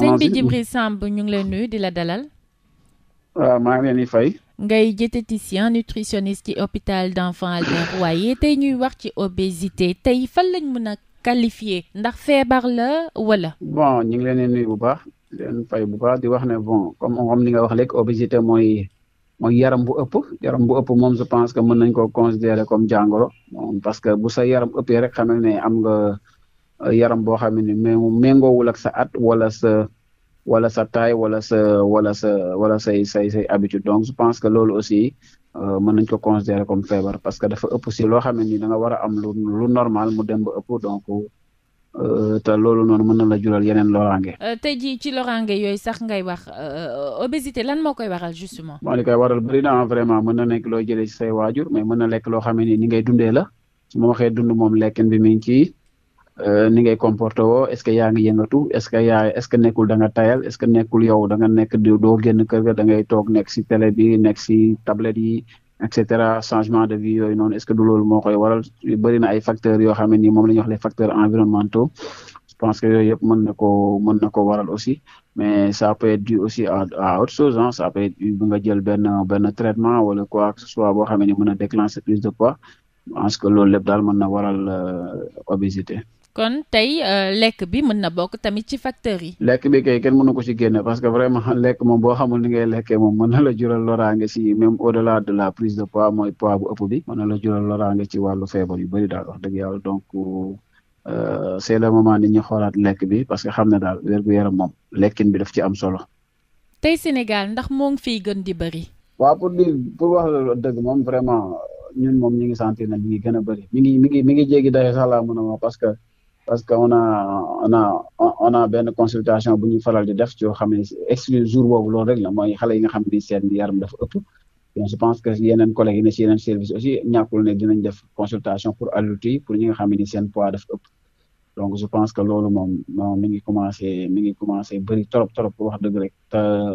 sëñ bi Djibril Samb ñu ngi lay nuyu di la dalal. waaw ah, maa leen di fay. ngay diététicien nutritionniste ci hôpital d'enfants Albert Royer tey ñuy wax ci obésité tey fan lañ mën a qualifier ndax feebar la wala. bon ñu ngi leen di nuyu bu baax leen fay bu baax di wax ne bon comme comme li nga wax léegi obésité mooy mooy yaram bu ëpp yaram bu ëpp moom je pense que mën nañ ko considérer comme jàngoro parce que bu sa yaram ëppee rek xamal ne am nga. Euh, yaram boo xam ne méngoowul wulak sa at wala sa wala sa taille wala sa wala sa wala say say say habitude donc je pense que loolu aussi euh, mën nañ ko considérer comme feebar parce que dafa ëpp si loo xam ne ni da nga war a am lu lu normal mu dem ba ëpp donc euh, te loolu noonu mën na la jural yeneen loraange. te jii ci loraange yooyu sax ngay wax obésité lan moo koy waral justement. moo li koy waral bëri na vraiment mën na nekk loo jëlee si say waajur mais mën na lekk loo xam ne ni ngay dundee la su ma waxee dund moom lekkin bi mi ci Euh, ni ngay comporté wo est ce que yaa ngi yëngatu est ce que yaa est ce que nekkul da nga tayal est ce que nekkul yow nekk doo génn kër ga da ngay toog nekk si télé bi nekk si tablette yi et cetera changement de vie yooyu noonu est ce que du loolu moo koy waral bëri na ay facteurs yoo xam ne moom la ñuy wax les facteurs environnementaux je que yooyu yëpp mën na ko mën na ko waral aussi mais saa peut être aussi à à autre chose ah ça peut être bu nga jël benn benn traitement wala quoi que ce soit boo xam ne nii mën na déclencher plus de poids je que loolu lépp daal mën na waral euh, obésité. kon tey euh, lekk bi mën na bokk tamit ci facteurs yi. lekk bi kay kenn mënu ci génne parce que vraiment lekk moom boo xamul ni ngay lekkee moom mën na la jural loraange ci même au delà de la prise de poids mooy poids na la jural loraange ci wàllu feebar yu bëri daal wax dëgg yàlla donc. Euh, c'est le moment nit ñi xoolaat lekk bi parce que xam ne daal wér gu yaram moom lekkin bi daf ci am solo. tey Sénégal ndax moo ngi gën di bëri. waaw pour di pour wax dëgg moom vraiment ñun moom ñi ngi sentir na ñi ngi gën a bëri mi ngi mi ngi a parce que on a on benn consultation bu ñu faral di def ci yoo xam ne exclu jour boobu loolu rek la mooy xale yi nga xam ne seen yaram dafa ëpp. je pense que yeneen collègues yi ne si yeneen service aussi ñàkkul ne dinañ def consultation pour adultes yi pour ñi seen poids dafa ëpp. donc je pense que loolu moom moom mi ngi commencé mi ngi commencé bëri trop trop wax dëgg rek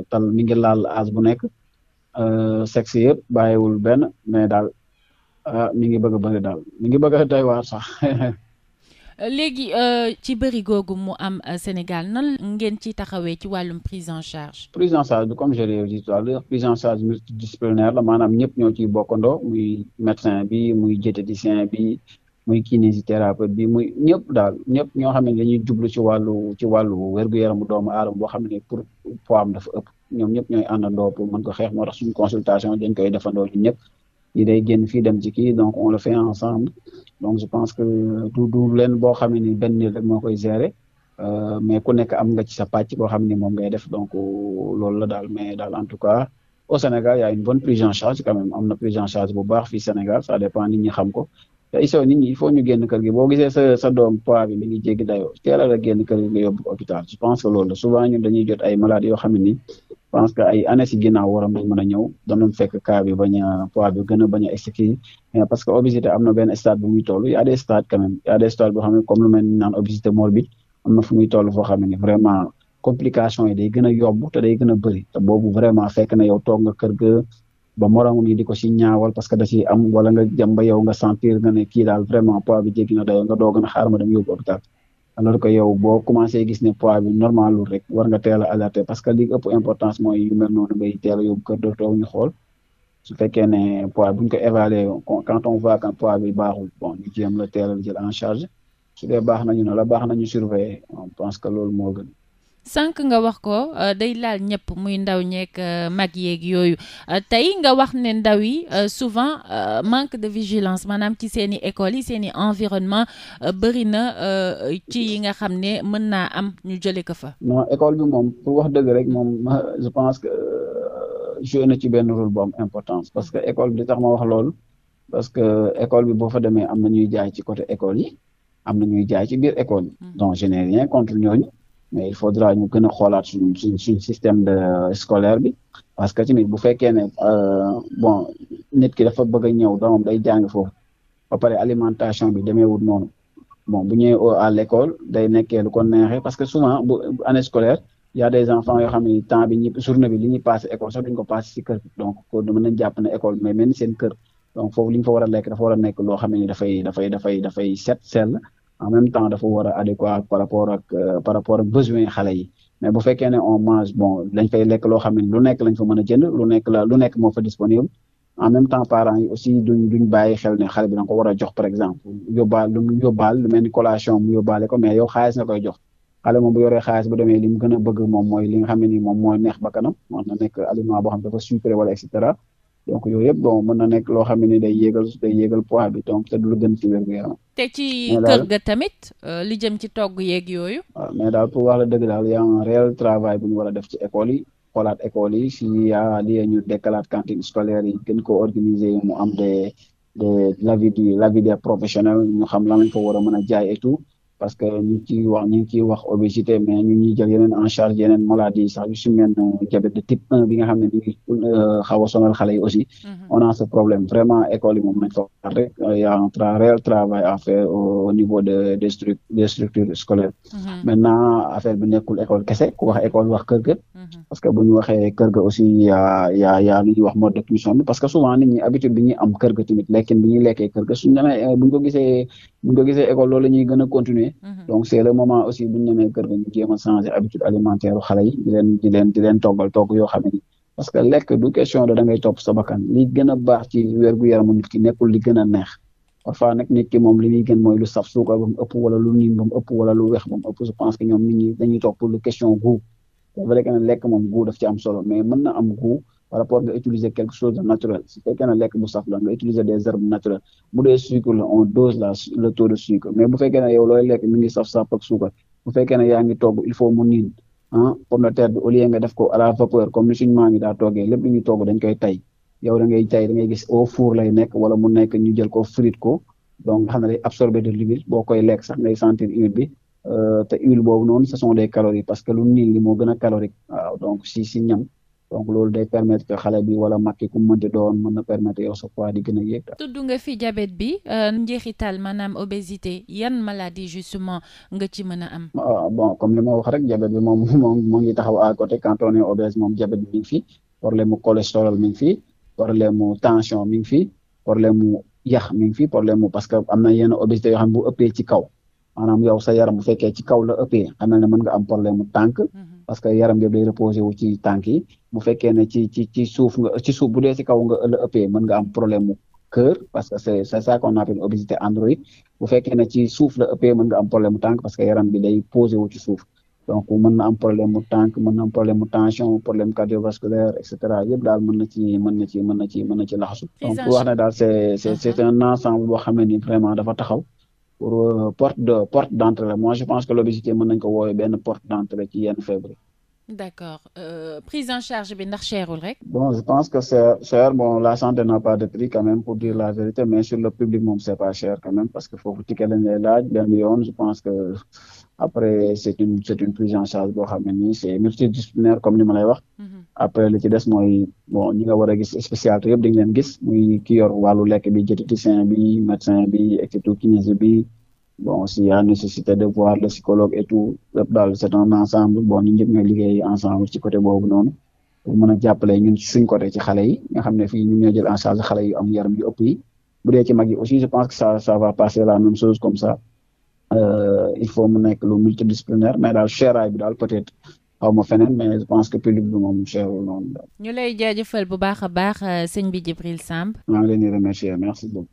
ta ni mi ngi laal âge bu nekk euh, sexe yëpp bàyyiwul benn mais daal euh, mi ngi bëgg a bëri daal mi ngi bëgg a léegi euh, ci bëri googu mu am euh, Sénégal nan ngeen ci taxawee ci wàllum prise en charge. prise en charge bi comme je l'ai dit tout à l'heure prise en charge multidisciplinaire la maanaam ñëpp ñoo ciy bokkandoo muy médecin bi muy diététicien bi muy kinésithérapeute bi muy ñëpp daal ñëpp ñoo xam ne dañuy jublu ci wàllu ci wàllu wér-gu-yaramu doomu aadama boo xam ne pour poids am dafa ëpp ñoom ñëpp ñooy àndandoo pour mën ko xeex moo tax suñu consultation dañ koy defandoo ñun ñëpp ñi day génn fii dem ci kii donc on le fait ensemble. donc je pense que du du leen boo xam ni benn nit rek moo koy gérer euh, mais ku nekk am nga ci sa pàcc boo xam ni moom ngay def donc loolu la daal mais daal en tout cas au Sénégal y a une bonne prise en charge quand même am na prise charge bu bax fii Sénégal ça dépend nit ñi xam ko te iso nit ñi il faut ñu génn kër gi boo gisee sa sa doom poids bi mi ngi jéggi dayoo teelal génn kër gi nga hôpital je pense que loolu la souvent ñun dañuy jot ay malades yoo xam ne ni je pense que ay années si ginnaaw waroon nañ mën a ñëw danoon fekk cas bi bañ a poids bi gën a bañ a mais parce que obésité am na benn stade bu muy toll y a des stades quand même y xam ne comme lu ni naan obésité morbide am na fu muy toll foo xam ne ni vraiment complication yi day gën a yomb te day gën a bëri te boobu vraiment fekk na yow toog nga kër ga ba moroomam yi di ko si ñaawal parce que da si am wala nga jëm ba yow nga sentir nga ne kii daal vraiment pois bi jéggi na dayoo nga doog na ma dem yóbbu hôpital alors que yow boo commencé gis ne pois bi normalul rek war nga teel a parce que li ëpp importance mooy yu mel noonu ngay teel a yóbbu kër docteur ñu xool su fekkee ne pois buñ ko évalué quand on voit que poids bi baaxul bon ñu jéem la teel a jël en charge su dee baax nañu ne la baax nañu surveiller on pense loolu moo gën sànq nga wax ko euh, day laal ñëpp muy ndaw ñeeg euh, mag yeeg yooyu euh, tey nga wax ne ndaw yi souvent manque de vigilance maanaam ci seen i écoles yi seen i environnement bëri na ci yi nga xam ne mën naa am ñu jëlee ko fa. non école bi moom pour wax dëgg rek moom je pense que joué na ci benn rôle bu am importance parce que école bi tax ma wax loolu parce que école bi boo fa demee am na ñuy jaay ci côté école yi am na ñuy jaay ci biir école yi. Mm. donc je n'ai rien contre ñooñu. mais il faudra ñu gën a xoolaat suñ suñ suñ système de scolaire bi parce que tamit bu fekkee ne euh, bon nit ki dafa bëgg a ñëw doomam day jàng foofu ba pare alimentation bi demeewul noonu bon bu ñëwee à l'école day nekkee ko neexee parce que souvent bu année scolaire y des enfants yoo xam ne temps bi ñi journée bi li ñuy passé école sax duñ ko passé si kër donc kon mën nañ jàpp ne école mais même seen kër donc foofu li ñu fa war a lekk dafa war nekk loo xam ne dafay dafay dafay dafay set sell en même temps dafa war a adéquat par rapport ak euh, par xale yi mais bu fekkee ne on mange bon lañ fay lekk loo xam ne lu nekk lañ fa mën a jënd lu nekk la lu nekk moo fa disponible en même temps parents yi aussi duñ duñ bàyyi xel ne xale bi danga ko war a jox par exemple yóbbaal lu mu yóbbaal lu mel ni collation mu yóbbaale ko mais yow xaalis nga koy jox xale moom bu yoree xaalis bu demee li mu gën a bëgg moom mooy li nga xam ne ni moom mooy neex ba kanam mën na nekk aliment boo xam dafa sucré wala donc yooyu yëpp bon mën na nekk loo xam ne day yéegal day yéegal poids bi donc te du lu gën ci wér tamit euh, li jëm ci togg yeeg yooyu waaw mais daal pour wax la dëgg daal y a un réel travail bu ñu war a def ci école yi xoolaat école yi si yaa lii ñu dekkalaat cantine scolaire yi gën ko organiser mu am des des l'avis du l'avis des professionnels ñu xam lan lañ ko war a mën a jaay et parce que ñu ngi ciy wax ñu ngi obésité mais ñu ñuy en charge yeneen maladie sax yu si mel diabète de type 1 ne ñu ngi euh, xaw a sonal xale yi aussi mhm. on a ce problème vraiment école yi moom nañ travail à au niveau de des stru des structures scolaires mhm. maintenant affaire bi nekkul école kese ku wax école wax kër mhm. parce que bu ñu waxee kër ga aussi yaa yaa yaa wax mode de cuisson parce que souvent nit ñi habitude am kër ga tamit lekkin bi ñuy lekkee kër euh, ko demee mhm. donc c' est aussi bu ñu demee kër ga ñu jéem a changer habitude alimentaire xale yi di leen toggal togg yoo xam ne parce que lekk du question da ngay topp sa li gën a baax ci wér gu nit ki nekkul li gën a neex parfois nag nit ki moom li gën mooy lu saf suukar ba ëpp wala lu niin ba ëpp wala lu weex ba ëpp je pense que ñoom nit ñi topp lu question goût c'est vrai que lekk moom goût daf ci am solo mais mën na am goût par rapport nga utiliser quelque chose de naturel su fekkee ne lekk bu saf la nga utiliser des herbes naturelles bu dee sucre la on dose la le taux de bu fekkee ne yow ngi saf il faut mu niin ah pomme de terre def ko à la vapeur comme ni suñu maam yi toggee lépp lu togg dañ koy tay yow da ngay tay da ngay gis au four lay nekk wala mu nekk ñu jël ko frite ko donc nga xam ne day absorber de l'huile boo koy lekk sax ngay sentir huile bi euh, te huile boobu noonu ce sont que lu moo gën donc loolu day permettre que xale bi wala mag ki ku mënti doon mën na permettre yow sa poids di gën a yéeg. nga fi diabète bi euh, njeexital maanaam obésité yan maladie justement nga ci mën a am. Ah, bon comme li ma wax rek jabet bi moom moom moo ngi taxaw à côté quand on est obèse moom diabète bi mi ngi fi problème mu cholestérol mi ngi fi problème mu tension mi ngi fi problème mu yax mi ngi fi problème parce que am na yenn obésité yoo xam ne bu ëppee ci kaw. maanaam yow sa yaram bu fekkee ci kaw la ëppee xam na ne mën nga am problème mu tànk mm-hmm. parce que yaram bi day reposé wu ci tànk yi bu fekkee ne ci ci ci suuf suuf bu dee ci kaw nga la ëppee mën nga am problème mu cœur parce que c'est c'est ça qu'on obésité androïde bu fekkee ne ci suuf la ëppee mën nga am problème mu tànk parce que yaram bi day posé wu ci suuf donc mën na am problème mu tànk mën na am problème mu tension problème cardiovasculaire et cetera yëpp daal mën na ci mën na ci mën na ci mën na ci laxasu donc wax na daal c'est c'est c'est ensemble boo xam ne ni vraiment dafa taxaw pour euh, porte de porte d'entrée la moi je pense que l'obésité mën nañ ko woowee benn porte d'entrée ci yenn feebar yi. D'accord euh, en charge bi ndax cherul rek. bon je pense que c'est cher bon la santé n'a pas de prix quand même pour la vérité mais sur le public moom c'est pas cher quand parce que foofu ticket lañ lay laaj benn yoon je pense que. après c' est une c' est une prise en charge boo xam ne nii c' est multidisciplinaire comme ni ma lay wax. Mm-hmm. après li ci des mooy bon nga war a gis spécialité yëpp dañ leen gis muy ki yor lekk bi diététicien bi médecin bi et bi bon s' il nécessité de voir le psychologue et tout lépp daal c' un ensemble bon ñun ñëpp ñooy liggéey ensemble ci côté boobu noonu pour mën a jàppale ñun suñ côté ci xale yi nga xam ne fii ñun ñoo jël en charge xale yu am yaram yu ëpp yi bu dee mag il faut mu nekk lu multidisciplinaire mais daal séeraay bi daal peut-être xaw ma feneen mais je pense que public bi moom séerul noonu daal. ñu lay jaajëfal bu baax a baax euh, sëñ bi Djibril Samb. maa ngi leen di remercier merci beaucoup.